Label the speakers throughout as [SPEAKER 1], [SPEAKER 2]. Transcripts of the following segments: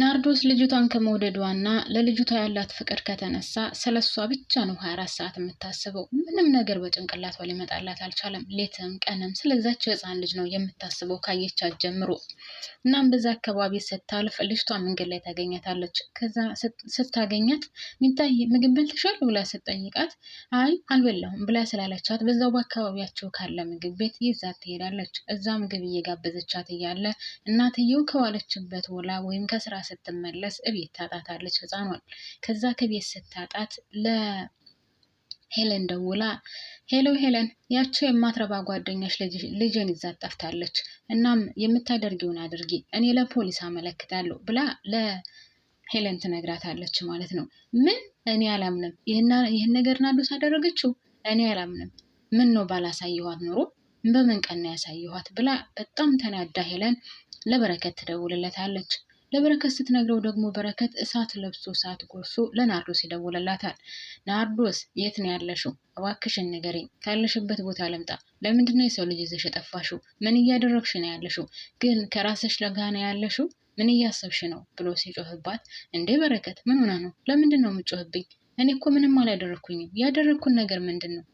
[SPEAKER 1] ናርዶስ ልጅቷን ከመውደዷና ለልጅቷ ያላት ፍቅር ከተነሳ ስለሷ ብቻ ነው 24 ሰዓት የምታስበው። ምንም ነገር በጭንቅላቷ ሊመጣላት አልቻለም። ሌትም ቀንም ስለዛች የህፃን ልጅ ነው የምታስበው ካየቻት ጀምሮ። እናም በዛ አካባቢ ስታልፍ ልጅቷ መንገድ ላይ ታገኛታለች። ከዛ ስታገኛት ሚታይ ምግብ በልተሻል ብላ ስትጠይቃት አይ አልበላሁም ብላ ስላለቻት በዛው በአካባቢያቸው ካለ ምግብ ቤት ይዛት ትሄዳለች። እዛ ምግብ እየጋበዘቻት እያለ እናትየው ከዋለችበት ውላ ወይም ከስራ ስትመለስ እቤት ታጣታለች ህፃኗን። ከዛ ከቤት ስታጣት ለሄለን ደውላ ሄሎ ሄለን፣ ያቺ የማትረባ ጓደኛሽ ልጅን ይዛ ጠፍታለች፣ እናም የምታደርጊውን አድርጊ፣ እኔ ለፖሊስ አመለክታለሁ ብላ ለሄለን ትነግራታለች ማለት ነው። ምን እኔ አላምንም፣ ይህን ነገር ናዶስ አደረገችው፣ እኔ አላምንም። ምን ነው ባላሳየኋት ኖሮ በምን ቀን ነው ያሳየኋት ብላ በጣም ተናዳ ሄለን ለበረከት ትደውልለታለች። ለበረከት ስትነግረው ደግሞ በረከት እሳት ለብሶ እሳት ጎርሶ ለናርዶስ ይደውልላታል። ናርዶስ የት ነው ያለሽው? እባክሽን ንገሪኝ፣ ካለሽበት ቦታ ልምጣ። ለምንድን ነው የሰው ልጅ ይዘሽ የጠፋሽው? ምን እያደረግሽ ነው ያለሽው? ግን ከራስሽ ለጋ ነው ያለሽው? ምን እያሰብሽ ነው? ብሎ ሲጮህባት፣ እንዴ በረከት ምን ሆና ነው? ለምንድን ነው የምጮህብኝ? እኔ እኮ ምንም አላደረግኩኝም። ያደረግኩን ነገር ምንድን ነው?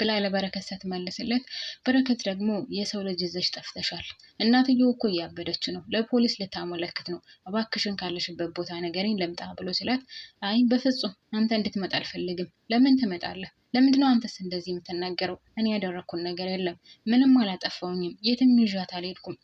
[SPEAKER 1] ብላ ለበረከት ስትመልስለት፣ በረከት ደግሞ የሰው ልጅ ይዘሽ ጠፍተሻል፣ እናትየው እኮ እያበደች ነው፣ ለፖሊስ ልታመለክት ነው፣ እባክሽን ካለሽበት ቦታ ነገሬን ለምጣ ብሎ ሲላት፣ አይ በፍጹም አንተ እንድትመጣ አልፈልግም። ለምን ትመጣለህ? ለምንድነው አንተስ እንደዚህ የምትናገረው? እኔ ያደረኩን ነገር የለም፣ ምንም አላጠፋውኝም፣ የትም ይዣት አልሄድኩም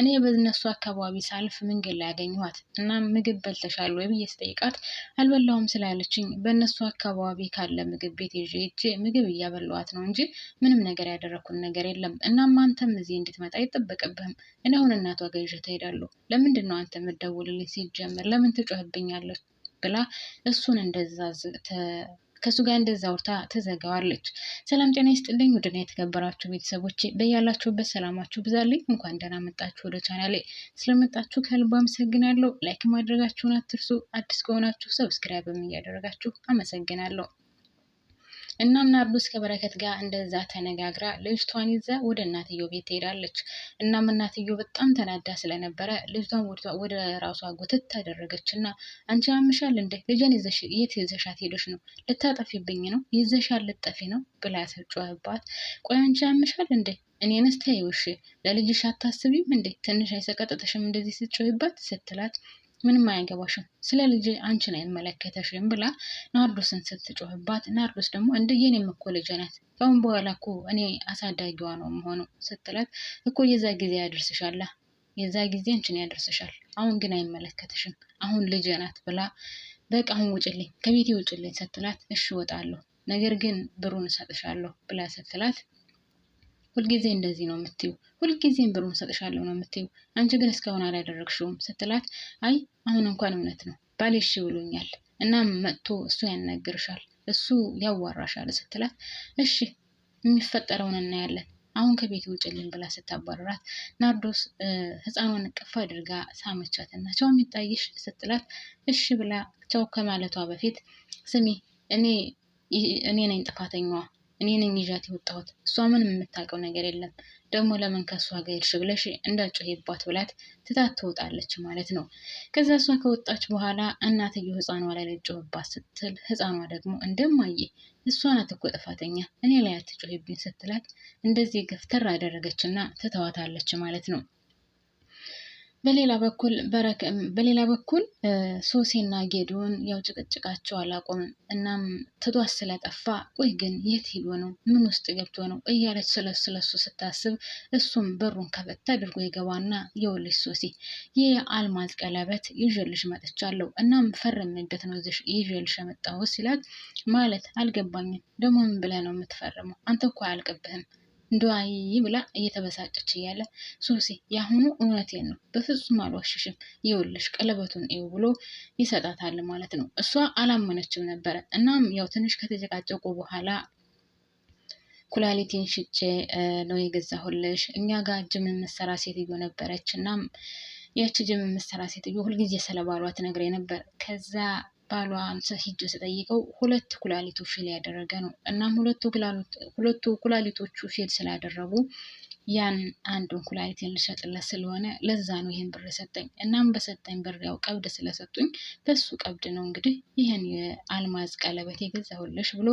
[SPEAKER 1] እኔ በእነሱ አካባቢ ሳልፍ መንገድ ላይ አገኘኋት እና ምግብ በልተሻል ወይ ብዬ ስጠይቃት አልበላሁም ስላለችኝ በእነሱ አካባቢ ካለ ምግብ ቤት ይዤ ሄጄ ምግብ እያበላኋት ነው እንጂ ምንም ነገር ያደረኩን ነገር የለም። እናም አንተም እዚህ እንድትመጣ አይጠበቅብህም። እኔ አሁን እናቷ ገዥ ይዤ ለምንድን ነው አንተ የምትደውልልኝ? ሲጀምር ለምን ትጮህብኛለች? ብላ እሱን እንደዛ ከእሱ ጋር እንደዛ አውርታ ትዘጋዋለች። ሰላም ጤና ይስጥልኝ ውድና የተከበራችሁ ቤተሰቦች በያላችሁበት ሰላማችሁ ብዛልኝ። እንኳን ደህና መጣችሁ ወደ ቻናሌ። ስለመጣችሁ ከልብ አመሰግናለሁ። ላይክ ማድረጋችሁን አትርሱ። አዲስ ከሆናችሁ ሰብስክራይብም እያደረጋችሁ አመሰግናለሁ። እናም ናርዶስ ከበረከት ጋር እንደዛ ተነጋግራ ልጅቷን ይዛ ወደ እናትየው ቤት ትሄዳለች። እናም እናትየው በጣም ተናዳ ስለነበረ ልጅቷን ወደ ራሷ ጎትት ታደረገች እና አንቺ ያምሻል እንዴ? ልጄን የት ይዘሻት ሄደሽ ነው? ልታጠፊብኝ ነው? ይዘሻል ልጠፊ ነው ብላ ጮኸባት። ቆይ አንቺ ያምሻል እንዴ? እኔንስ ተይው እሺ፣ ለልጅሽ አታስቢም እንዴ? ትንሽ አይሰቀጥጥሽም እንደዚህ ስትጮይባት ስትላት ምንም አያገባሽም፣ ስለ ልጅ አንቺን አይመለከተሽም ብላ ናርዶስን ስትጮህባት፣ ናርዶስ ደግሞ እንደ የኔም እኮ ልጅ ናት፣ ከአሁን በኋላ እኮ እኔ አሳዳጊዋ ነው መሆኑ ስትላት፣ እኮ የዛ ጊዜ ያደርስሻላ፣ የዛ ጊዜ አንቺን ያደርስሻል፣ አሁን ግን አይመለከተሽም፣ አሁን ልጅ ናት ብላ በቃ አሁን ውጭልኝ፣ ከቤቴ ውጭልኝ ስትላት፣ እሺ እወጣለሁ፣ ነገር ግን ብሩን እሰጥሻለሁ ብላ ስትላት ሁልጊዜ እንደዚህ ነው የምትዩ፣ ሁልጊዜም ብሩን ሰጥሻለሁ ነው የምትዩ፣ አንቺ ግን እስካሁን አላደረግሽውም ስትላት፣ አይ አሁን እንኳን እውነት ነው ባሌ እሺ ብሎኛል፣ እናም መጥቶ እሱ ያናግርሻል፣ እሱ ያዋራሻል ስትላት፣ እሺ የሚፈጠረውን እናያለን አሁን ከቤት ውጭልን ብላ ስታባረራት ናርዶስ ህፃኗን እቅፍ አድርጋ ሳመቻት እና ቻው የሚታይሽ ስትላት እሺ ብላ ቻው ከማለቷ በፊት ስሚ እኔ እኔ ነኝ ጥፋተኛዋ እኔ ነኝ ይዣት የወጣሁት። እሷ ምንም የምታውቀው ነገር የለም። ደግሞ ለምን ከእሷ ጋር ሄድሽ ብለሽ እንዳጮሄባት ብላት ትታት ትወጣለች ማለት ነው። ከዛ እሷ ከወጣች በኋላ እናትየው ህፃኗ ላይ ልጮህባት ስትል ህፃኗ ደግሞ እንደማየ እሷ ናት እኮ ጥፋተኛ እኔ ላይ አትጮሄብኝ ስትላት እንደዚህ ገፍተር አደረገችና ትተዋታለች ማለት ነው። በሌላ በኩል በሌላ በኩል ሶሴና ጌዶን ያው ጭቅጭቃቸው አላቆምም። እናም ትቷት ስለጠፋ ቆይ ግን የት ሄዶ ነው? ምን ውስጥ ገብቶ ነው? እያለች ስለሱ ስታስብ እሱም በሩን ከፈት አድርጎ የገባና የውልሽ ሶሴ አልማዝ ቀለበት ይዤልሽ መጥቻለሁ። እናም ፈርሜበት ነው ይዤልሽ የመጣሁት ሲላት ማለት አልገባኝም። ደግሞ ምን ብለህ ነው የምትፈርመው? አንተ እኮ አያልቅብህም እንደዋይ ብላ እየተበሳጨች እያለ ሱሲ የአሁኑ እውነቴን ነው በፍጹም አልዋሽሽም፣ ይኸውልሽ ቀለበቱን እዩ ብሎ ይሰጣታል ማለት ነው። እሷ አላመነችም ነበረ። እናም ያው ትንሽ ከተጨቃጨቁ በኋላ ኩላሊቴን ሽጬ ነው የገዛሁልሽ። እኛ ጋር ጅም የምትሰራ ሴትዮ ነበረች። እናም ያቺ ጅም የምትሰራ ሴትዮ ሁልጊዜ ስለ ባሏ ትነግረኝ ነበር ከዛ ባሏ ሂጄ ስጠይቀው ሁለት ኩላሊቱ ፊል ያደረገ ነው። እናም ሁለቱ ኩላሊቶቹ ፊል ስላደረጉ ያን አንዱን ኩላሊት ልሸጥለት ስለሆነ ለዛ ነው ይህን ብር ሰጠኝ። እናም በሰጠኝ ብር ያው ቀብድ ስለሰጡኝ በሱ ቀብድ ነው እንግዲህ ይህን የአልማዝ ቀለበት የገዛሁልሽ ብሎ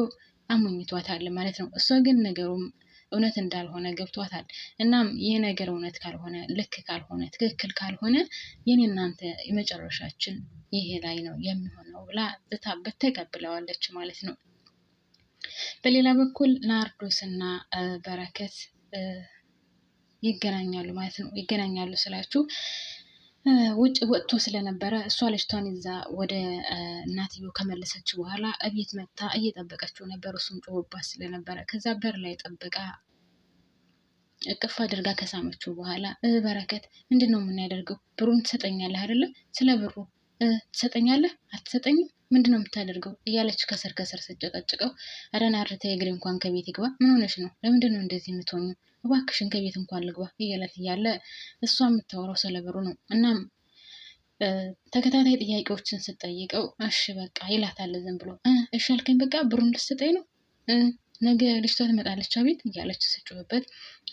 [SPEAKER 1] አሞኝቷታል ማለት ነው። እሷ ግን ነገሩም እውነት እንዳልሆነ ገብቷታል። እናም ይህ ነገር እውነት ካልሆነ፣ ልክ ካልሆነ፣ ትክክል ካልሆነ የኔ እናንተ የመጨረሻችን ይሄ ላይ ነው የሚሆነው ብላ ብታበት ተቀብለዋለች ማለት ነው። በሌላ በኩል ናርዶስ እና በረከት ይገናኛሉ ማለት ነው። ይገናኛሉ ስላችሁ ውጭ ወጥቶ ስለነበረ እሷ ልጅቷን ይዛ ወደ እናትየው ከመለሰች በኋላ እቤት መጥታ እየጠበቀችው ነበር። እሱም ጮኸባት ስለነበረ ከዛ በር ላይ ጠብቃ እቅፍ አድርጋ ከሳመችው በኋላ በረከት ምንድን ነው የምናደርገው? ብሩን ትሰጠኛለህ አይደለም? ስለ ብሩ ትሰጠኛለህ አትሰጠኝም? ምንድን ነው የምታደርገው? እያለች ከስር ከስር ስጨቀጭቀው፣ አዳናርተ የግሬ እንኳን ከቤት ይግባ። ምን ሆነሽ ነው? ለምንድን ነው እንደዚህ የምትሆኙ? እባክሽን ከቤት እንኳን ልግባ እያላት እያለ እሷ የምታወራው ስለ ብሩ ነው። እናም ተከታታይ ጥያቄዎችን ስጠይቀው እሺ በቃ ይላታል ዝም ብሎ። እሺ አልከኝ በቃ ብሩን ልትሰጠኝ ነው ነገ ልጅቷ ትመጣለች አቤት እያለች ስጮህበት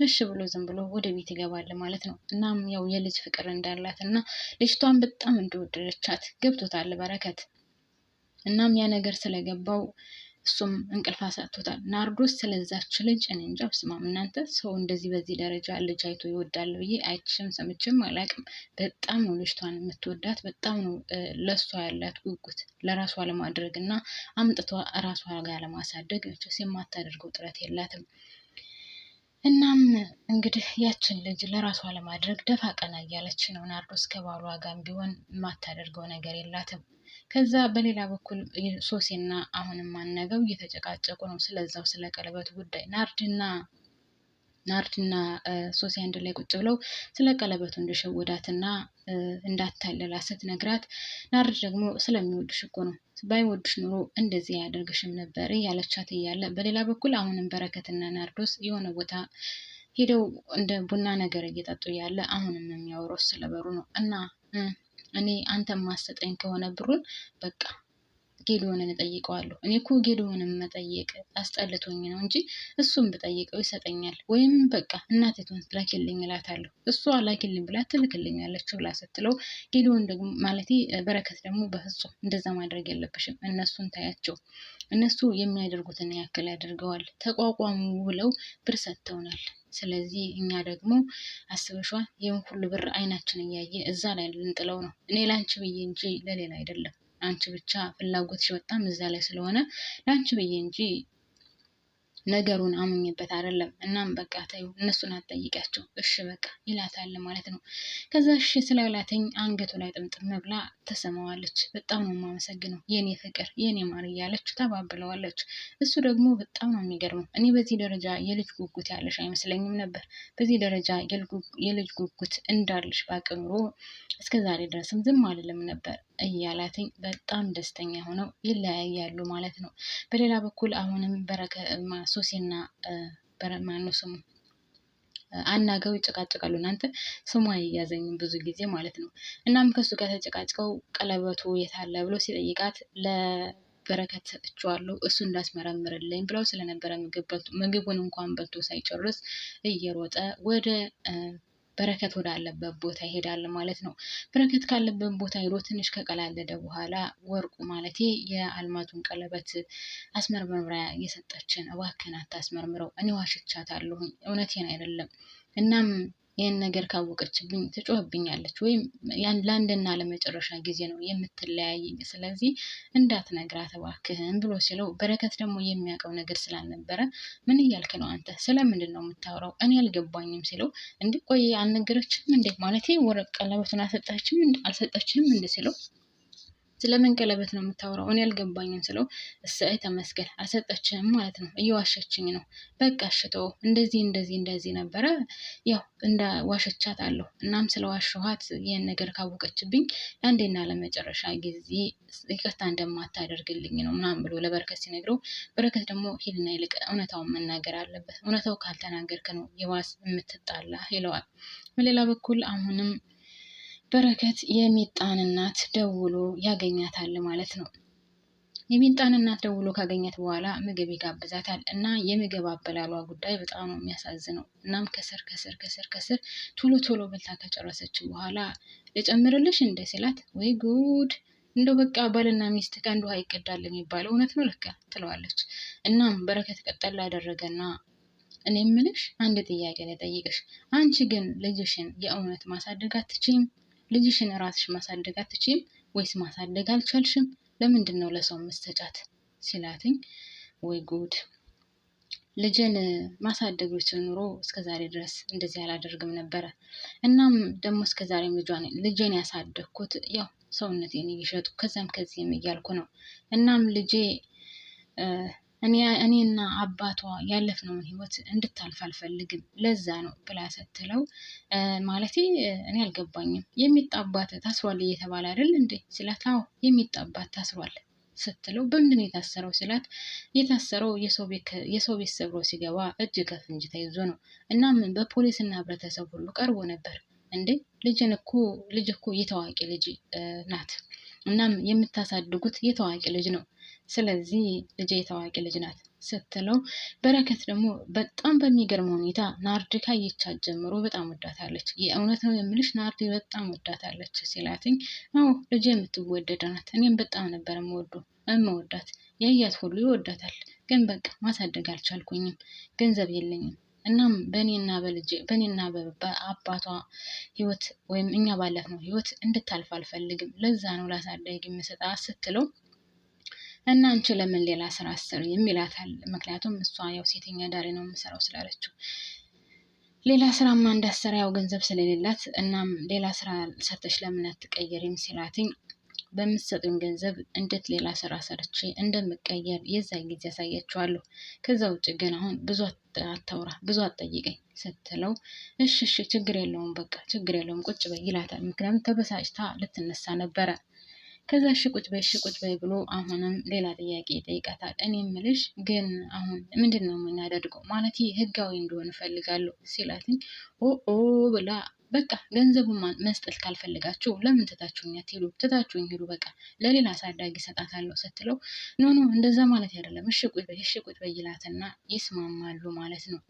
[SPEAKER 1] እሺ ብሎ ዝም ብሎ ወደ ቤት ይገባል ማለት ነው። እናም ያው የልጅ ፍቅር እንዳላት እና ልጅቷን በጣም እንደወደደቻት ገብቶታል በረከት። እናም ያ ነገር ስለገባው እሱም እንቅልፍ አሳጥቶታል። ናርዶስ ስለዛች ልጅ እኔ እንጃ ብስማም እናንተ ሰው እንደዚህ በዚህ ደረጃ ልጅ አይቶ ይወዳል ብዬ አይችም ሰምችም አላቅም። በጣም ነው ልጅቷን የምትወዳት፣ በጣም ነው ለሷ ያላት ጉጉት ለራሷ ለማድረግ እና አምጥቷ ራሷ ጋር ለማሳደግ መቼስ የማታደርገው ጥረት የላትም። እናም እንግዲህ ያችን ልጅ ለራሷ ለማድረግ ደፋ ቀና እያለች ነው ናርዶስ። ከባሏ ጋር ቢሆን የማታደርገው ነገር የላትም። ከዛ በሌላ በኩል ሶሴና አሁንም ማነገው እየተጨቃጨቁ ነው። ስለዛው ስለ ቀለበት ጉዳይ ናርድና ናርድና ሶሲ አንድ ላይ ቁጭ ብለው ስለ ቀለበቱ እንደሸወዳትና እንዳታለላ ስትነግራት ናርድ ደግሞ ስለሚወዱሽ እኮ ነው፣ ባይወዱሽ ኑሮ እንደዚህ ያደርግሽም ነበር እያለቻት እያለ በሌላ በኩል አሁንም በረከትና ናርዶስ የሆነ ቦታ ሄደው እንደ ቡና ነገር እየጠጡ ያለ አሁንም የሚያወራው ስለበሩ ነው እና እኔ አንተ ማሰጠኝ ከሆነ ብሩን በቃ ጌዶንን እጠይቀዋለሁ። እኔ እኮ ጌዶንን መጠየቅ አስጠልቶኝ ነው እንጂ እሱን ብጠይቀው ይሰጠኛል። ወይም በቃ እናቴቱን ላኪልኝ እላታለሁ። እሷ ላኪልኝ ብላ ትልክልኛለች ብላ ስትለው ጌዶን ደግሞ ማለት በረከት ደግሞ በፍጹም እንደዛ ማድረግ የለብሽም፣ እነሱን ታያቸው፣ እነሱ የሚያደርጉትን ያክል ያደርገዋል፣ ተቋቋሙ ብለው ብር ሰጥተውናል። ስለዚህ እኛ ደግሞ አስበሿ ይህን ሁሉ ብር አይናችን እያየ እዛ ላይ ልንጥለው ነው። እኔ ለአንቺ ብዬ እንጂ ለሌላ አይደለም። አንቺ ብቻ ፍላጎትሽ በጣም እዛ ላይ ስለሆነ ለአንቺ ብዬ እንጂ ነገሩን አምኝበት አይደለም። እናም በቃ ተይው እነሱን አትጠይቂያቸው እሺ በቃ ይላታል ማለት ነው። ከዛ እሺ ስላላተኝ አንገቱ ላይ ጥምጥም ብላ ተሰማዋለች። በጣም ነው የማመሰግነው የኔ ፍቅር የኔ ማር እያለች ተባብለዋለች። እሱ ደግሞ በጣም ነው የሚገርመው። እኔ በዚህ ደረጃ የልጅ ጉጉት ያለሽ አይመስለኝም ነበር። በዚህ ደረጃ የልጅ ጉጉት እንዳለሽ ባቅ እስከ ዛሬ ድረስም ዝም አልልም ነበር እያላትኝ በጣም ደስተኛ ሆነው ይለያያሉ ማለት ነው። በሌላ በኩል አሁንም በረከ ሶሲና በረማኑ ስሙ አናገው ይጨቃጨቃሉ። እናንተ ስሙ አይያዘኝም ብዙ ጊዜ ማለት ነው። እናም ከሱ ጋር ተጨቃጭቀው ቀለበቱ የታለ ብሎ ሲጠይቃት ለበረከት እችዋለሁ እሱ እንዳስመረምርልኝ ብለው ስለነበረ ምግቡን እንኳን በልቶ ሳይጨርስ እየሮጠ ወደ በረከት ወዳለበት ቦታ ይሄዳል ማለት ነው። በረከት ካለበት ቦታ ሄዶ ትንሽ ከቀላለደ በኋላ ወርቁ ማለቴ የአልማዙን ቀለበት አስመርመሪያ የሰጠችን እባክን አታስመርምረው እኔ ዋሽቻታለሁኝ እውነቴን አይደለም እናም ይህን ነገር ካወቀችብኝ ትጮህብኛለች፣ ወይም ለአንድና ለመጨረሻ ጊዜ ነው የምትለያየኝ፣ ስለዚህ እንዳትነግራት እባክህን ብሎ ሲለው በረከት ደግሞ የሚያውቀው ነገር ስላልነበረ ምን እያልክ ነው አንተ? ስለምንድን ነው የምታወራው? እኔ አልገባኝም ሲለው እንዲህ ቆይ አልነገረችም እንዴት ማለት ወረቅ ቀለበቱን አልሰጠችም እንዴ ሲለው ስለምን ቀለበት ነው የምታወራው? እኔ አልገባኝም ስለው እሰይ ተመስገን አልሰጠችህም ማለት ነው፣ እየዋሸችኝ ነው። በቃ ሽቶ እንደዚህ እንደዚህ እንደዚህ ነበረ ያው እንደ ዋሸቻት አለሁ። እናም ስለ ዋሸኋት ይህን ነገር ካወቀችብኝ ለአንዴና ለመጨረሻ ጊዜ ይቅርታ እንደማታደርግልኝ ነው ምናምን ብሎ ለበረከት ሲነግረው፣ በረከት ደግሞ ሂድና ይልቅ እውነታውን መናገር አለበት፣ እውነታው ካልተናገርክ ነው የዋስ የምትጣላ ይለዋል። በሌላ በኩል አሁንም በረከት የሚጣን እናት ደውሎ ያገኛታል ማለት ነው። የሚጣን እናት ደውሎ ካገኘት በኋላ ምግብ ይጋብዛታል እና የምግብ አበላሏ ጉዳይ በጣም ነው የሚያሳዝነው። እናም ከስር ከስር ከስር ከስር ቶሎ ቶሎ በልታ ከጨረሰች በኋላ ልጨምርልሽ እንደ ሲላት ወይ ጉድ እንደው በቃ ባልና ሚስት ከአንዱ ውሃ ይቀዳል የሚባለው እውነት ነው ልክ ትለዋለች። እናም በረከት ቀጠል ያደረገና እኔ ምልሽ አንድ ጥያቄ ልጠይቅሽ፣ አንቺ ግን ልጅሽን የእውነት ማሳደግ አትችይም? ልጅሽን ራስሽ ማሳደግ አትችይም ወይስ ማሳደግ አልቻልሽም? ለምንድን ነው ለሰው መሰጫት ሲላትኝ፣ ወይ ጉድ ልጅን ማሳደግ ብችል ኑሮ ዛሬ ድረስ እንደዚህ አላደርግም ነበረ። እናም ደግሞ እስከዛሬም ልጄን ያሳደግኩት ያው ሰውነቴን እየሸጡ ከዚያም ከዚህም እያልኩ ነው። እናም ልጄ እኔና አባቷ ያለፍነውን ህይወት እንድታልፍ አልፈልግም። ለዛ ነው ብላ ስትለው ማለት እኔ አልገባኝም የሚጣባት ታስሯል እየተባለ አይደል እንዴ ስላት፣ አዎ የሚጣባት ታስሯል ስትለው በምንድን የታሰረው ስላት፣ የታሰረው የሰው ቤት ሰብሮ ሲገባ እጅ ከፍንጅ ተይዞ ነው። እናም በፖሊስና ህብረተሰብ ሁሉ ቀርቦ ነበር። እንዴ ልጅን እኮ ልጅ እኮ የታዋቂ ልጅ ናት። እናም የምታሳድጉት የታዋቂ ልጅ ነው ስለዚህ ልጄ የታዋቂ ልጅ ናት ስትለው በረከት ደግሞ በጣም በሚገርም ሁኔታ ናርድ ካየቻት ጀምሮ በጣም ወዳታለች። የእውነት ነው የምልሽ ናርድ በጣም ወዳታለች ሲላትኝ፣ አዎ ልጅ የምትወደድ ናት። እኔም በጣም ነበር የምወዱ የምወዳት፣ ያያት ሁሉ ይወዳታል። ግን በቃ ማሳደግ አልቻልኩኝም፣ ገንዘብ የለኝም። እናም በእኔና በልጄ በእኔና በአባቷ ህይወት ወይም እኛ ባለፍነው ህይወት እንድታልፍ አልፈልግም። ለዛ ነው ላሳደግ የምሰጣ ስትለው እና አንቺ ለምን ሌላ ስራ አሰሪ የሚላታል። ምክንያቱም እሷ ያው ሴተኛ ዳሪ ነው የምሰራው ስላለችው ሌላ ስራማ እንዳትሰራ ያው ገንዘብ ስለሌላት፣ እናም ሌላ ስራ ሰተሽ ለምን አትቀየሪም ሲላትኝ በምትሰጡኝ ገንዘብ እንዴት ሌላ ስራ ሰርቼ እንደምቀየር የዛ ጊዜ ያሳያችኋለሁ። ከዛ ውጭ ግን አሁን ብዙ አታውራ፣ ብዙ አትጠይቀኝ ስትለው እሺ ችግር የለውም በቃ ችግር የለውም ቁጭ በይ ይላታል። ምክንያቱም ተበሳጭታ ልትነሳ ነበረ። ከዛ እሺ ቁጭ በይ እሺ ቁጭ በይ ብሎ አሁንም ሌላ ጥያቄ ይጠይቃታል። እኔ የምልሽ ግን አሁን ምንድን ነው የምናደርገው? ማለት ህጋዊ እንደሆነ እፈልጋለሁ ሲላትኝ ኦ ኦ ብላ በቃ ገንዘቡን መስጠት ካልፈልጋችሁ ለምን ትታችሁኝ አትሄዱ? ትታችሁኝ ሄዱ፣ በቃ ለሌላ አሳዳጊ ሰጣታለሁ ስትለው ኖ ኖ እንደዛ ማለት አይደለም፣ እሺ ቁጭ በይ እሺ ቁጭ በይ ይላትና ይስማማሉ ማለት ነው።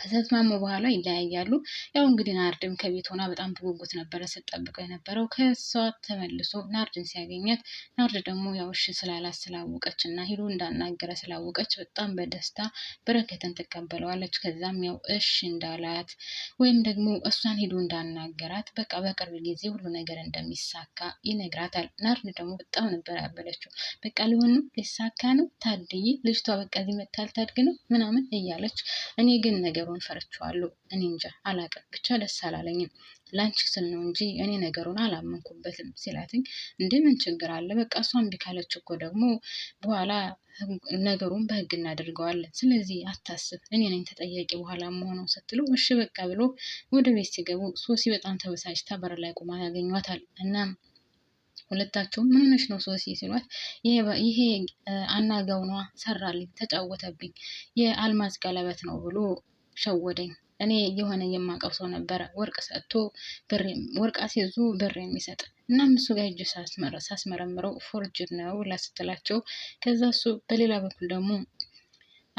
[SPEAKER 1] ከተስማሙ በኋላ ይለያያሉ። ያው እንግዲህ ናርድም ከቤት ሆና በጣም በጉጉት ነበረ ስትጠብቀው የነበረው ከሷ ተመልሶ ናርድን ሲያገኛት፣ ናርድ ደግሞ ያው እሺ ስላላት ስላወቀች እና ሂዱ እንዳናገረ ስላወቀች በጣም በደስታ በረከትን ትቀበለዋለች። ከዛም ያው እሺ እንዳላት ወይም ደግሞ እሷን ሂዱ እንዳናገራት በቃ በቅርብ ጊዜ ሁሉ ነገር እንደሚሳካ ይነግራታል። ናርድ ደግሞ በጣም ነበር ያበለችው። በቃ ሊሆን ሊሳካ ነው ታድይ ልጅቷ በቃ ሊመታል ታድግ ነው ምናምን እያለች እኔ ግን ነገ ነገሩን ፈርቼዋለሁ። እኔ እንጃ አላቅም፣ ብቻ ደስ አላለኝም። ላንቺ ስል ነው እንጂ እኔ ነገሩን አላመንኩበትም ሲላትኝ፣ እንዴ ምን ችግር አለ? በቃ እሷ እምቢ ካለች እኮ ደግሞ በኋላ ነገሩን በህግ እናደርገዋለን። ስለዚህ አታስብ፣ እኔ ነኝ ተጠያቂ በኋላ መሆነው ስትለው እሺ በቃ ብሎ ወደ ቤት ሲገቡ ሶሲ በጣም ተበሳጭታ በር ላይ ቁማ ያገኟታል። እናም ሁለታቸውም ምን ሆነሽ ነው ሶሲ ሲሏት፣ ይሄ አናጋውኗ ሰራልኝ፣ ተጫወተብኝ፣ የአልማዝ ቀለበት ነው ብሎ ሸወደኝ። እኔ የሆነ የማቀው ሰው ነበረ ወርቅ ሰጥቶ ወርቅ አስይዞ ብር የሚሰጥ እና እሱ ጋር እጅ ሳስመረምረው ፎርጅድ ነው ላስትላቸው ከዛ እሱ በሌላ በኩል ደግሞ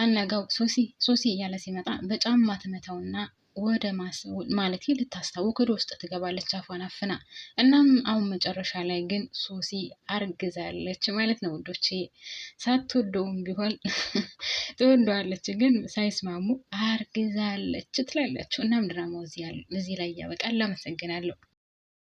[SPEAKER 1] አነጋው ሶሲ ሶሲ እያለ ሲመጣ በጫማ ትመታውና ወደ ማለት ልታስታውቅ ወደ ውስጥ ትገባለች አፏን አፍና። እናም አሁን መጨረሻ ላይ ግን ሶሲ አርግዛለች ማለት ነው ውዶቼ። ሳትወደውም ቢሆን ትወደዋለች፣ ግን ሳይስማሙ አርግዛለች ትላላችሁ። እናም ድራማው እዚህ ላይ እያበቃል። አመሰግናለሁ።